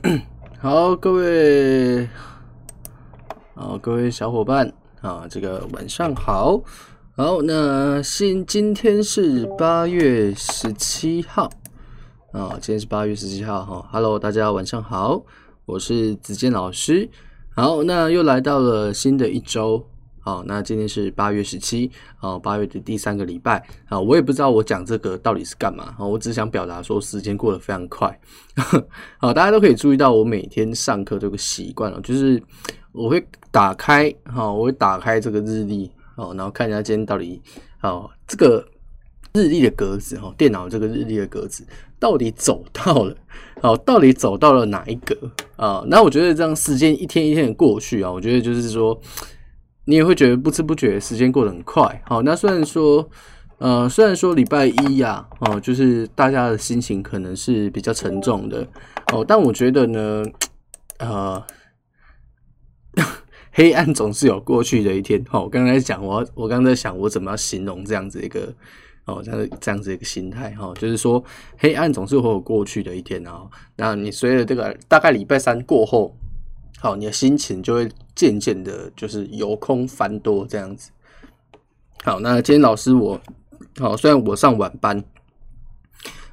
好，各位，好，各位小夥伴啊，這個晚上好，好，那新，今天是八月十七號啊，今天是八月十七號，哈嘍，大家晚上好，我是子健老師，好，那又來到了新的一周。好，那今天是八月十七，好，八月的第三個禮拜，好，我也不知道我講這個到底是幹嘛，好，我只想表達說時間過得非常快， 好，大家都可以注意到我每天上課這個習慣了，就是我會打開，好，我會打開這個日曆，哦，然後看一下今天到底，哦，這個日曆的格子，哈，電腦這個日曆的格子到底走到了，哦，到底走到了哪一格啊？那我覺得這樣時間一天一天的過去啊，我覺得就是說。你也會覺得不知不覺時間過得很快。好，那雖然說，呃，雖然說禮拜一呀、啊，哦，就是大家的心情可能是比較沉重的。哦，但我覺得呢，呃，黑暗總是有過去的一天。哈、哦，我剛剛在講我，我剛剛在想我怎麼樣形容這樣子一個，哦，這樣子一個心態。哈、哦，就是說黑暗總是會有過去的一天。然後，那你隨着這個大概禮拜三過後，好，你的心情就會。漸漸的，就是由空翻多這樣子。好，那今天老師我，好雖然我上晚班，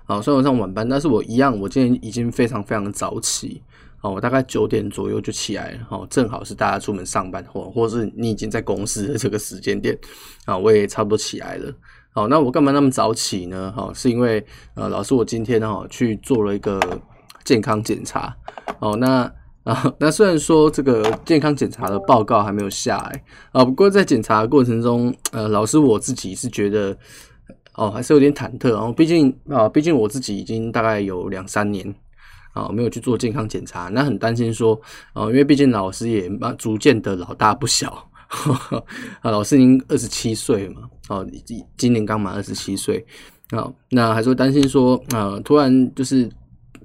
好雖然我上晚班，但是我一樣，我今天已經非常非常的早起。好，我大概九點左右就起來了，正好是大家出門上班或或是你已經在公司的這個時間點。啊，我也差不多起來了。好，那我幹嘛那麼早起呢？好，是因為呃，老師我今天哈去做了一個健康檢查。哦，那。啊，那雖然說這個健康檢查的報告還沒有下來啊，不過在檢查的過程中，呃，老師我自己是覺得，哦，還是有點忐忑啊。畢竟啊，畢竟我自己已經大概有兩三年啊沒有去做健康檢查，那很擔心說，啊，因為畢竟老師也逐漸的老大不小，呵呵啊，老師已經二十七歲嘛，啊，今今年剛滿二十七歲，啊，那還是會擔心說，啊，突然就是。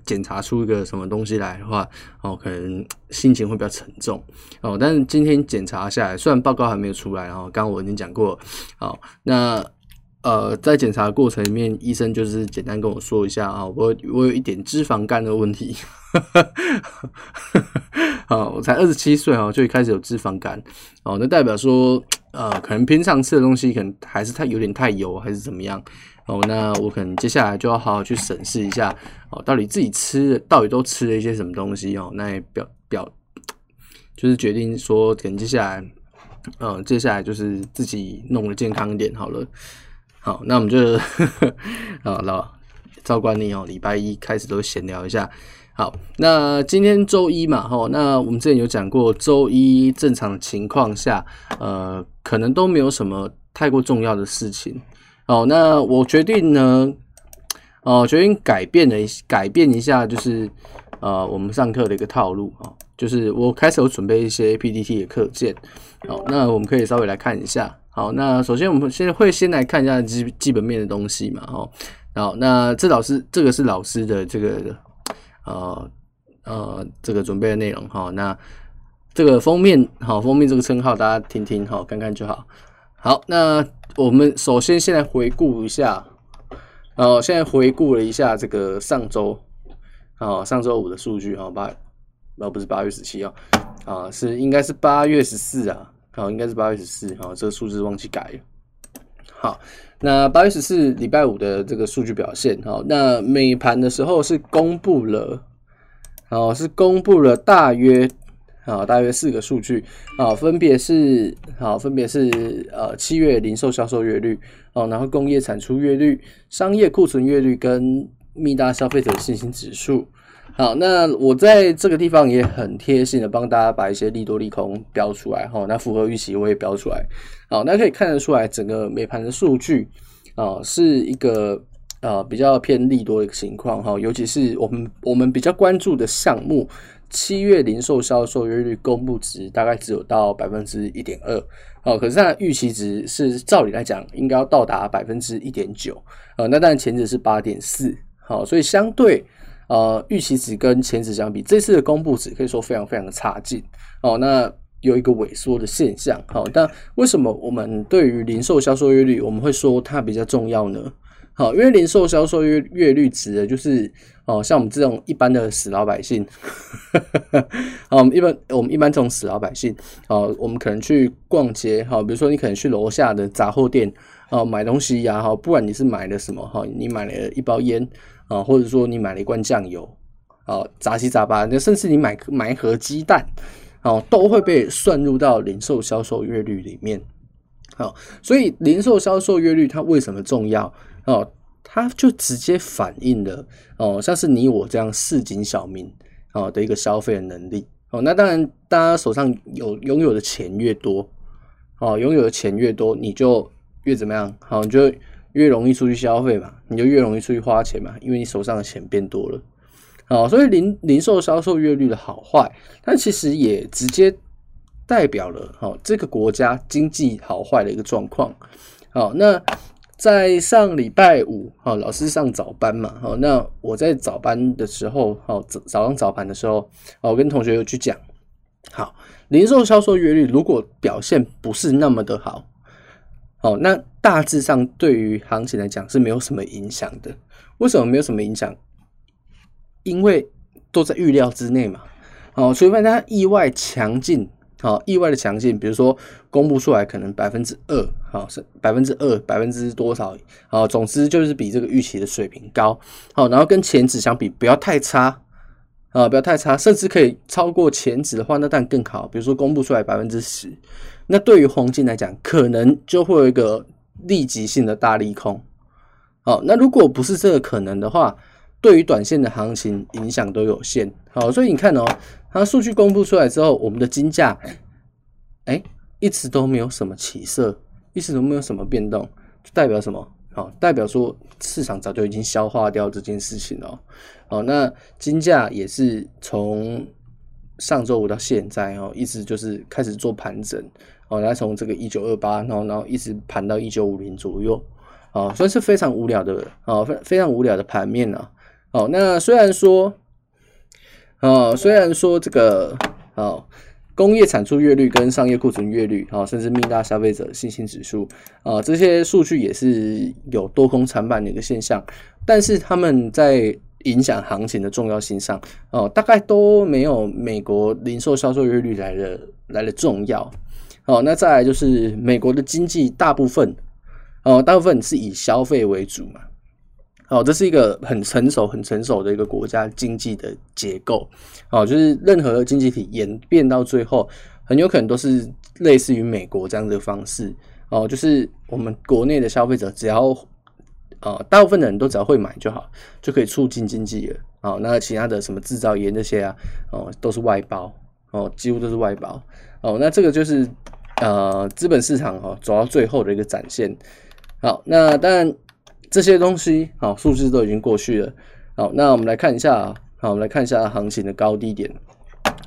檢查出一個什麼東西來的話，哦，可能心情會比較沉重。哦，但是今天檢查下來，雖然報告還沒有出來，然後剛剛我已經講過，好，那呃，在檢查的過程裡面，醫生就是簡單跟我說一下啊，哦，我我有一點脂肪肝的問題， 好，我才二十七歲啊，就開始有脂肪肝，哦，那代表說，呃，可能平常吃的東西可能還是太有點太油，還是怎麼樣。哦，那我可能接下來就要好好去審視一下，哦，到底自己吃的到底都吃了一些什麼東西哦，那也表表，就是決定說，可能接下來，嗯接下來就是自己弄得健康一點好了。好，那我們就呵呵，啊，老，照慣例哦，禮拜一開始都閒聊一下。好，那今天周一嘛，哈、哦，那我們之前有講過，周一正常情況下，呃，可能都沒有什麼太過重要的事情。好，那我決定呢，哦，決定改變了一改變一下，就是呃，我們上課的一個套路啊、哦，就是我開始有準備一些 PPT 的課件。好，那我們可以稍微來看一下。好，那首先我們先會先來看一下基基本面的東西嘛。哦，好，那這老師這個是老師的這個呃呃這個準備的內容哈、哦。那這個封面好、哦，封面這個稱號大家聽聽好、哦，看看就好。好，那。我們首先現在回顧一下，哦、啊，現在回顧了一下這個上周，哦、啊，上周五的數據，哈、啊，八、啊，那不是八月十七啊，啊，啊，是，應該是八月十四啊，好，應該是八月十四，好，這個數字忘記改了。好，那八月十四禮拜五的這個數據表現，好、啊，那美盤的時候是公布了，哦、啊，是公布了大約。啊，大約四個數據啊，分別是啊，分別是呃七月零售銷售月率哦，然後工業產出月率，商業庫存月率跟密大消費者信心指數。好，那我在這個地方也很貼心的幫大家把一些利多利空標出來哈。那符合預期我也標出來。好，大家可以看得出來，整個美盤的數據啊是一個啊、呃，比較偏利多的情況哈，尤其是我們我們比較關注的項目。七月零售銷售月率公布值大概只有到百分之一點二哦，可是它的預期值是照理來講應該要到達百分之一點九那當然前值是八點四，好、哦，所以相對呃預期值跟前值相比，這次的公布值可以說非常非常的差勁哦，那有一個萎縮的現象好、哦，但為什麼我們對於零售銷售月率我們會說它比較重要呢？好，因為零售銷售月率指的就是哦，像我們這種一般的死老百姓，哦，我們一般我們一般這種死老百姓，哦，我們可能去逛街，哈、哦，比如說你可能去樓下的雜貨店，啊、哦，買東西呀、啊，哈，不管你是買了什麼，哈、哦，你買了一包煙，啊、哦，或者說你買了一罐醬油，啊、哦，雜七雜八，甚至你買買一盒雞蛋，哦，都會被算入到零售銷售月率裡面。好，所以零售銷售月率它為什麼重要？哦，它就直接反映了哦，像是你我這樣市井小民哦的一個消費的能力哦。那當然，大家手上有擁有的錢越多哦，擁有的錢越多，你就越怎麼樣？好、哦，你就越容易出去消費嘛，你就越容易出去花錢嘛，因為你手上的錢變多了。哦。所以零零售銷售月率的好壞，它其實也直接代表了哦這個國家經濟好壞的一個狀況。好、哦，那。在上禮拜五，哈、哦，老師上早班嘛，好、哦，那我在早班的時候，好、哦、早早上早盤的時候、哦，我跟同學有去講，好，零售銷售月率如果表現不是那麼的好，好、哦，那大致上對於行情來講是沒有什麼影響的。為什麼沒有什麼影響？因為都在預料之內嘛，好、哦，除非它意外強勁。好，意外的強勁，比如說公布出來可能百分之二，好是百分之二，百分之多少？啊，總之就是比這個預期的水平高。好，然後跟前值相比不要太差，啊，不要太差，甚至可以超過前值的話，那但更好。比如說公布出來百分之十，那對於黃金來講，可能就會有一個立即性的大利空。好，那如果不是這個可能的話。對於短線的行情影響都有限，好，所以你看哦，它數據公布出來之後，我們的金價，哎，一直都沒有什麼起色，一直都沒有什麼變動，就代表什麼？啊、哦，代表說市場早就已經消化掉這件事情了、哦。好、哦，那金價也是從上周五到現在哦，一直就是開始做盤整，哦，然後從這個一九二八，然後然後一直盤到一九五零左右，啊、哦，所以是非常無聊的啊，非、哦、非常無聊的盤面啊。好、哦，那雖然說，哦，雖然說這個，哦，工業產出月率跟商業庫存月率，啊、哦，甚至密大消費者信心指數，啊、哦，這些數據也是有多空參半的一個現象，但是他們在影響行情的重要性上，哦，大概都沒有美國零售銷售月率來的來的重要，哦，那再來就是美國的經濟大部分，哦，大部分是以消費為主嘛。哦，這是一個很成熟、很成熟的一個國家經濟的結構。哦，就是任何經濟體演變到最後，很有可能都是類似於美國這樣的方式。哦，就是我們國內的消費者只要，呃、哦，大部分的人都只要會買就好，就可以促進經濟了。哦，那其他的什麼製造業那些啊，哦，都是外包，哦，幾乎都是外包。哦，那這個就是呃，資本市場哈、哦、走到最後的一個展現。好，那當然。這些東西好，數字都已經過去了。好，那我們來看一下，好，我們來看一下行情的高低點。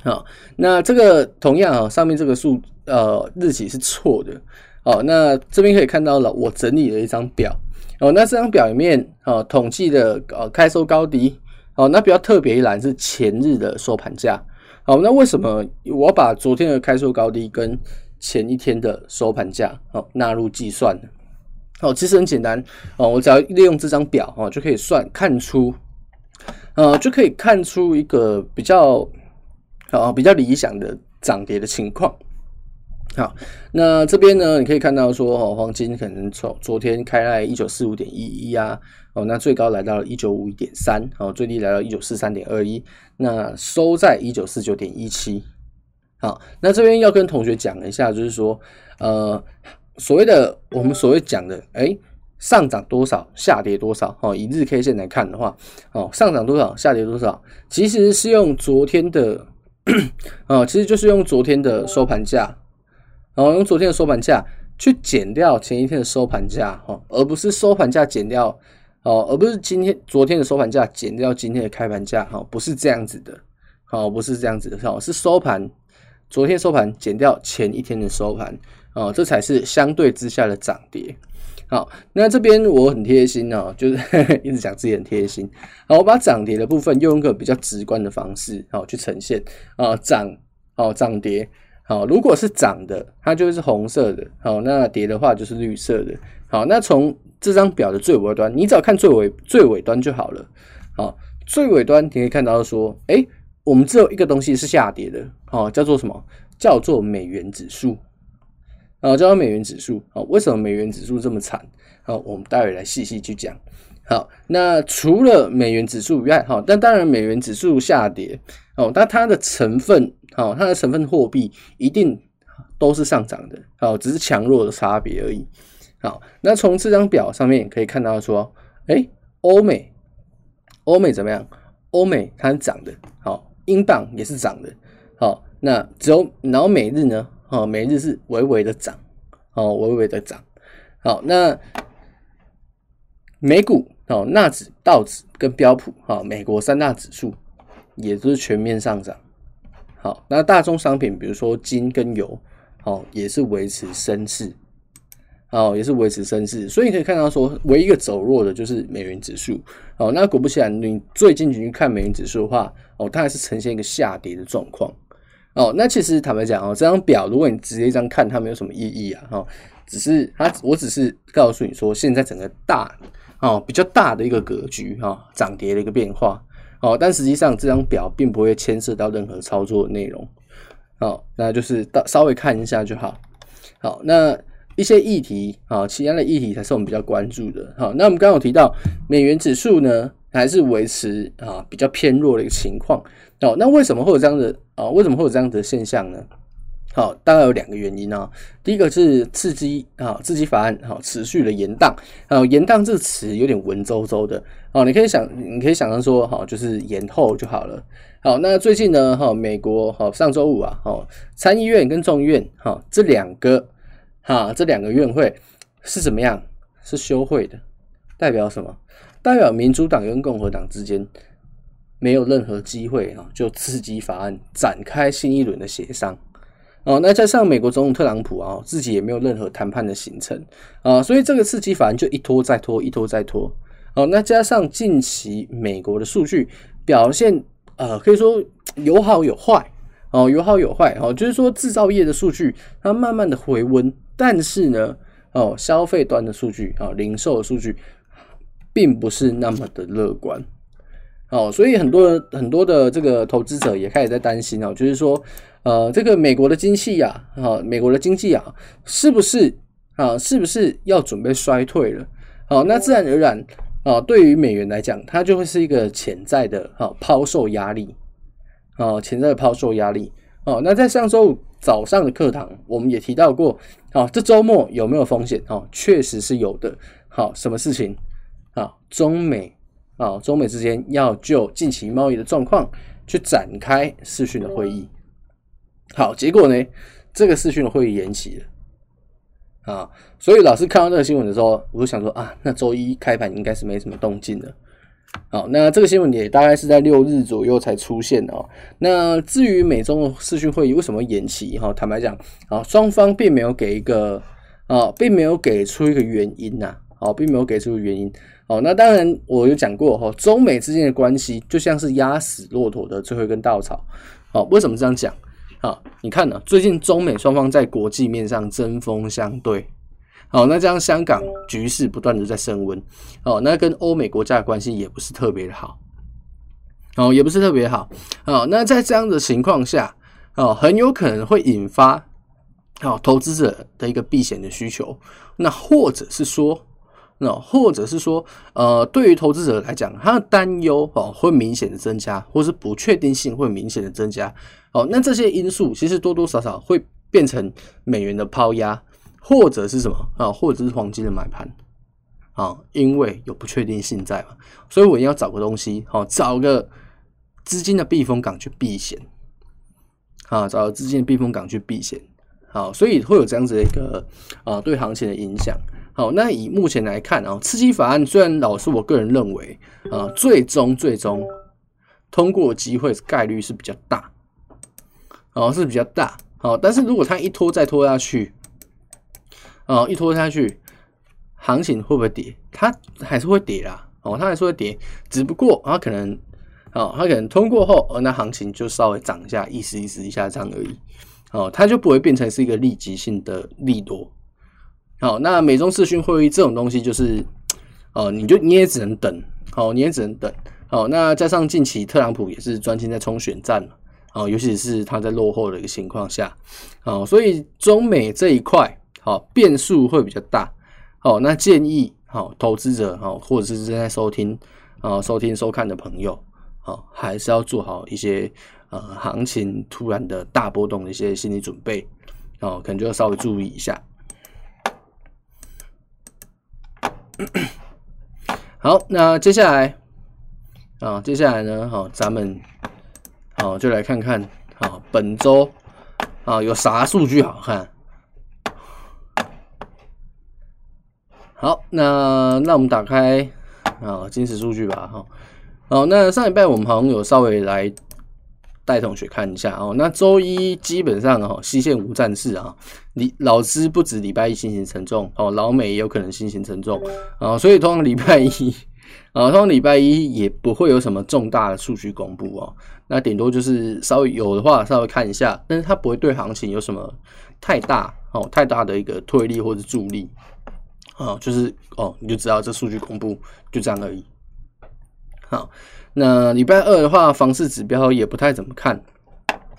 好，那這個同樣啊，上面這個數呃日期是錯的。好，那這邊可以看到了，我整理了一張表。哦，那這張表裡面啊，統計的呃開收高低。好，那比較特別一欄是前日的收盤價。好，那為什麼我要把昨天的開收高低跟前一天的收盤價好納入計算呢？哦，其實很簡單哦，我只要利用這張表哈，哦，就可以算看出，呃，就可以看出一個比較啊，哦，比較理想的漲跌的情況。好，那這邊呢，你可以看到說，哦，黃金可能從昨天開在一九四五點一一啊，哦，那最高來到了一九五一點三，哦，最低來到一九四三點二一，那收在一九四九點一七。好，那這邊要跟同學講一下，就是說，呃。所謂的我們所謂講的，哎、欸，上漲多少，下跌多少，哦，以日 K 線來看的話，哦，上漲多少，下跌多少，其實是用昨天的， 哦，其實就是用昨天的收盤價，然後，哦，用昨天的收盤價去減掉前一天的收盤價，哈、哦，而不是收盤價減掉，哦，而不是今天昨天的收盤價減掉今天的開盤價，哈、哦，不是這樣子的，哦，不是這樣子的，哦，是收盤，昨天收盤減掉前一天的收盤。哦，這才是相對之下的漲跌。好，那這邊我很貼心哦，就是 一直講自己很貼心。好，我把漲跌的部分用一個比較直觀的方式，好、哦、去呈現。啊、哦，漲，哦，漲跌。好，如果是漲的，它就是紅色的。好，那跌的話就是綠色的。好，那從這張表的最尾端，你只要看最尾最尾端就好了。好，最尾端你可以看到說，哎，我們只有一個東西是下跌的。好、哦，叫做什麼？叫做美元指數。啊，叫做美元指數，啊，為什麼美元指數這麼慘？好，我們待會來細細去講。好，那除了美元指數以外，哈，但當然美元指數下跌，哦，但它的成分，好，它的成分貨幣一定都是上漲的，好，只是強弱的差別而已。好，那從這張表上面可以看到說，誒、欸，歐美，歐美怎麼樣？歐美它是漲的，好，英鎊也是漲的，好，那只有然後美日呢？哦，每日是微微的漲，哦，微微的漲。好，那美股哦，納指、道指跟標普哈，哦，美國三大指數也就是全面上漲。好，那大宗商品，比如說金跟油，哦，也是維持升勢，哦，也是維持升勢。所以你可以看到說，唯一一個走弱的就是美元指數。哦，那果不其然，你最近你去看美元指數的話，哦，它還是呈現一個下跌的狀況。哦，那其實坦白講哦，這張表如果你直接這樣看，它沒有什麼意義啊。哈、哦，只是它，我只是告訴你說，現在整個大哦比較大的一個格局哈、哦，漲跌的一個變化哦。但實際上這張表並不會牽涉到任何操作的內容。哦，那就是到稍微看一下就好。好、哦，那一些議題啊、哦，其他的議題才是我們比較關注的。好、哦，那我們剛剛有提到美元指數呢，還是維持啊、哦、比較偏弱的一個情況。哦，那為什麼會有這樣的哦，為什麼會有這樣的現象呢？好、哦，大概有兩個原因啊、哦。第一個是刺激啊、哦，刺激法案哈、哦、持續了延宕。好、哦，延宕這個詞有點文縐縐的哦。你可以想，你可以想象說，好、哦，就是延後就好了。好、哦，那最近呢，哈、哦，美國哈、哦、上週五啊，哈、哦、參議院跟眾議院哈、哦、這兩個哈、哦、這兩個院會是怎麼樣？是休會的，代表什麼？代表民主黨跟共和黨之間。沒有任何機會啊，就刺激法案展開新一輪的協商，哦，那加上美國總統特朗普啊，自己也沒有任何談判的行程啊，哦，所以這個刺激法案就一拖再拖，一拖再拖，哦，那加上近期美國的數據表現，呃，可以說有好有壞，哦，有好有壞，哦，就是說製造業的數據它慢慢的回溫，但是呢，哦，消費端的數據啊，哦，零售的數據，並不是那麼的樂觀。哦，所以很多很多的這個投資者也開始在擔心哦，就是說，呃，這個美國的經濟呀、啊，哈、啊，美國的經濟啊，是不是啊，是不是要準備衰退了？好、啊，那自然而然啊，對於美元來講，它就會是一個潛在的哈拋售壓力，啊，啊，潛在的拋售壓力。哦、啊，那在上周五早上的課堂，我們也提到過，好、啊，這周末有沒有風險？哦、啊，確實是有的。好、啊，什麼事情？好、啊，中美。啊、哦，中美之間要就近期貿易的狀況去展開視訊的會議。好，結果呢，這個視訊的會議延期了。啊、哦，所以老師看到這個新聞的時候，我就想說啊，那周一開盤應該是沒什麼動靜的。好、哦，那這個新聞也大概是在六日左右才出現的、哦。那至於美中視訊會議為什麼延期？哈、哦，坦白講，啊、哦，雙方並沒有給一個啊、哦，並沒有給出一個原因吶、啊。哦，並沒有給出原因。哦，那當然，我有講過哈，哦，中美之間的關係就像是壓死駱駝的最後一根稻草。哦，為什麼這樣講？啊，哦，你看呢，啊？最近中美雙方在國際面上針鋒相對。哦，那這樣香港局勢不斷的在升溫。哦，那跟歐美國家的關係也不是特別的好。哦，也不是特別好。哦，那在這樣的情況下，哦，很有可能會引發哦投資者的一個避險的需求。那或者是說。那或者是說，呃，對於投資者來講，他的擔憂哦會明顯的增加，或是不確定性會明顯的增加哦、喔。那這些因素其實多多少少會變成美元的拋壓，或者是什麼啊、喔？或者是黃金的買盤啊、喔？因為有不確定性在嘛，所以我要找個東西哦、喔，找個資金的避風港去避險啊、喔，找個資金的避風港去避險，啊、喔，所以會有這樣子的一個啊、喔，對行情的影響。好，那以目前來看啊、哦，刺激法案雖然老是我個人認為啊，最終最終通過機會概率是比較大，哦、啊，是比較大。哦、啊，但是如果它一拖再拖下去，哦、啊，一拖下去，行情會不會跌？它還是會跌啦，哦、啊，它還是會跌。只不過它可能，哦、啊，它可能通過後，啊、那行情就稍微漲一下，意思意思一下這樣而已，哦、啊，它就不會變成是一個立即性的利多。好，那美中視訊會議這種東西就是，哦、呃，你就你也只能等，好、哦，你也只能等，好、哦，那加上近期特朗普也是專心在衝選戰啊、哦，尤其是他在落後的一個情況下，好、哦，所以中美這一塊，好、哦，變數會比較大，哦，那建議，好、哦，投資者，好，或者是正在收聽，啊、哦，收聽收看的朋友，好、哦，還是要做好一些，呃，行情突然的大波動的一些心理準備，哦，可能就要稍微注意一下。 好，那接下來啊、哦，接下來呢，好，咱們好、哦、就來看看，好、哦、本周啊、哦、有啥數據好，好看？好，那那我們打開啊、哦、金石數據吧，哈、哦，好、哦，那上禮拜我們好像有稍微來。帶同學看一下哦，那周一基本上哈、哦，西線無戰事啊。你老師不止禮拜一心情沉重，哦，老美也有可能心情沉重啊、哦。所以通常禮拜一啊、哦，通常禮拜一也不會有什麼重大的數據公布哦。那頂多就是稍微有的話，稍微看一下，但是它不會對行情有什麼太大哦太大的一個推力或者助力啊、哦。就是哦，你就知道這數據公布就這樣而已。好、哦。那禮拜二的話，房市指標也不太怎麼看。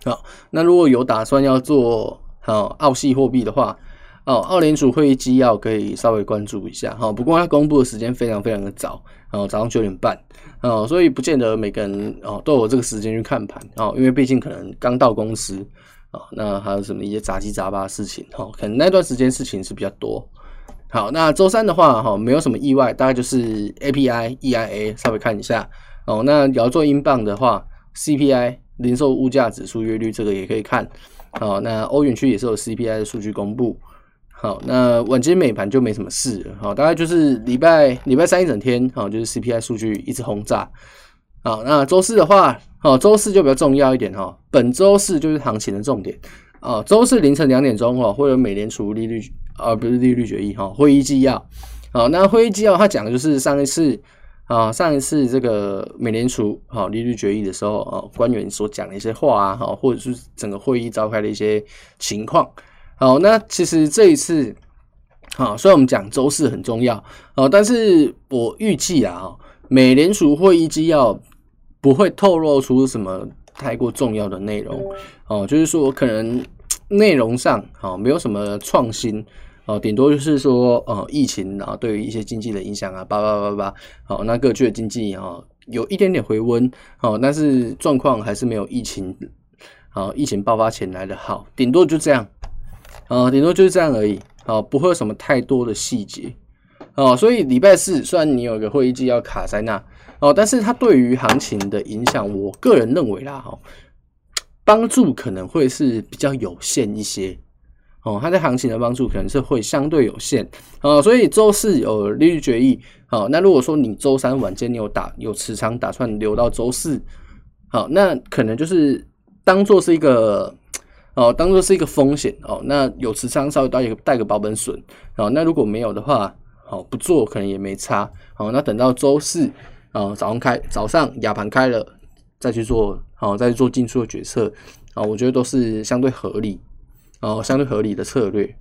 好，那如果有打算要做，好澳系貨幣的話，哦，澳聯儲會議紀要可以稍微關注一下。好，不過它公布的時間非常非常的早，早上九點半，哦，所以不見得每個人哦都有這個時間去看盤。哦，因為畢竟可能剛到公司啊，那還有什麼一些雜七雜八的事情，哦，可能那段時間事情是比較多。好，那周三的話，哈，沒有什麼意外，大概就是 API、e、EIA，稍微看一下。哦，那你要做英鎊的話，CPI、零售物價指數、月率這個也可以看。好、哦，那歐元區也是有 CPI 的數據公布。好、哦，那晚間美盤就沒什麼事了。好、哦，大概就是禮拜禮拜三一整天，哈、哦，就是 CPI 數據一直轟炸。好、哦，那周四的話，哦，周四就比較重要一點哈、哦。本周四就是行情的重點。哦，周四凌晨兩點鐘，哦，會有美聯儲利率啊、哦，不是利率決議，哈、哦，會議紀要。好、哦，那會議紀要它講的就是上一次。啊，上一次這個美聯儲、啊、利率決議的時候啊，官員所講的一些話啊，哈、啊，或者是整個會議召開的一些情況，好，那其實這一次，好、啊，雖然我們講周四很重要、啊、但是我預計啊，啊，美聯儲會議紀要不會透露出什麼太過重要的內容哦、啊，就是說可能內容上好、啊、沒有什麼創新。哦，頂多就是說，呃、哦，疫情，啊、哦，對於一些經濟的影響啊，叭叭叭叭，好、哦，那各區的經濟啊、哦，有一點點回溫，哦，但是狀況還是沒有疫情，好、哦，疫情爆發前來的好，頂多就這樣，啊、哦，頂多就是這樣而已，啊、哦，不會有什麼太多的細節，啊、哦，所以禮拜四雖然你有一個會議紀要卡在那，哦，但是它對於行情的影響，我個人認為啦，哈、哦，幫助可能會是比較有限一些。哦，它在行情的幫助可能是會相對有限，哦，所以周四有利率決議，好、哦，那如果說你周三晚間你有打你有持倉打算留到周四，好、哦，那可能就是當做是一個，哦，當做是一個風險，哦，那有持倉稍微帶一個帶個保本損，哦，那如果沒有的話，好、哦，不做可能也沒差，好、哦，那等到周四，啊、哦，早上開早上亞盤開了再去做，好、哦，再去做進出的決策，啊、哦，我覺得都是相對合理。哦，相對合理的策略。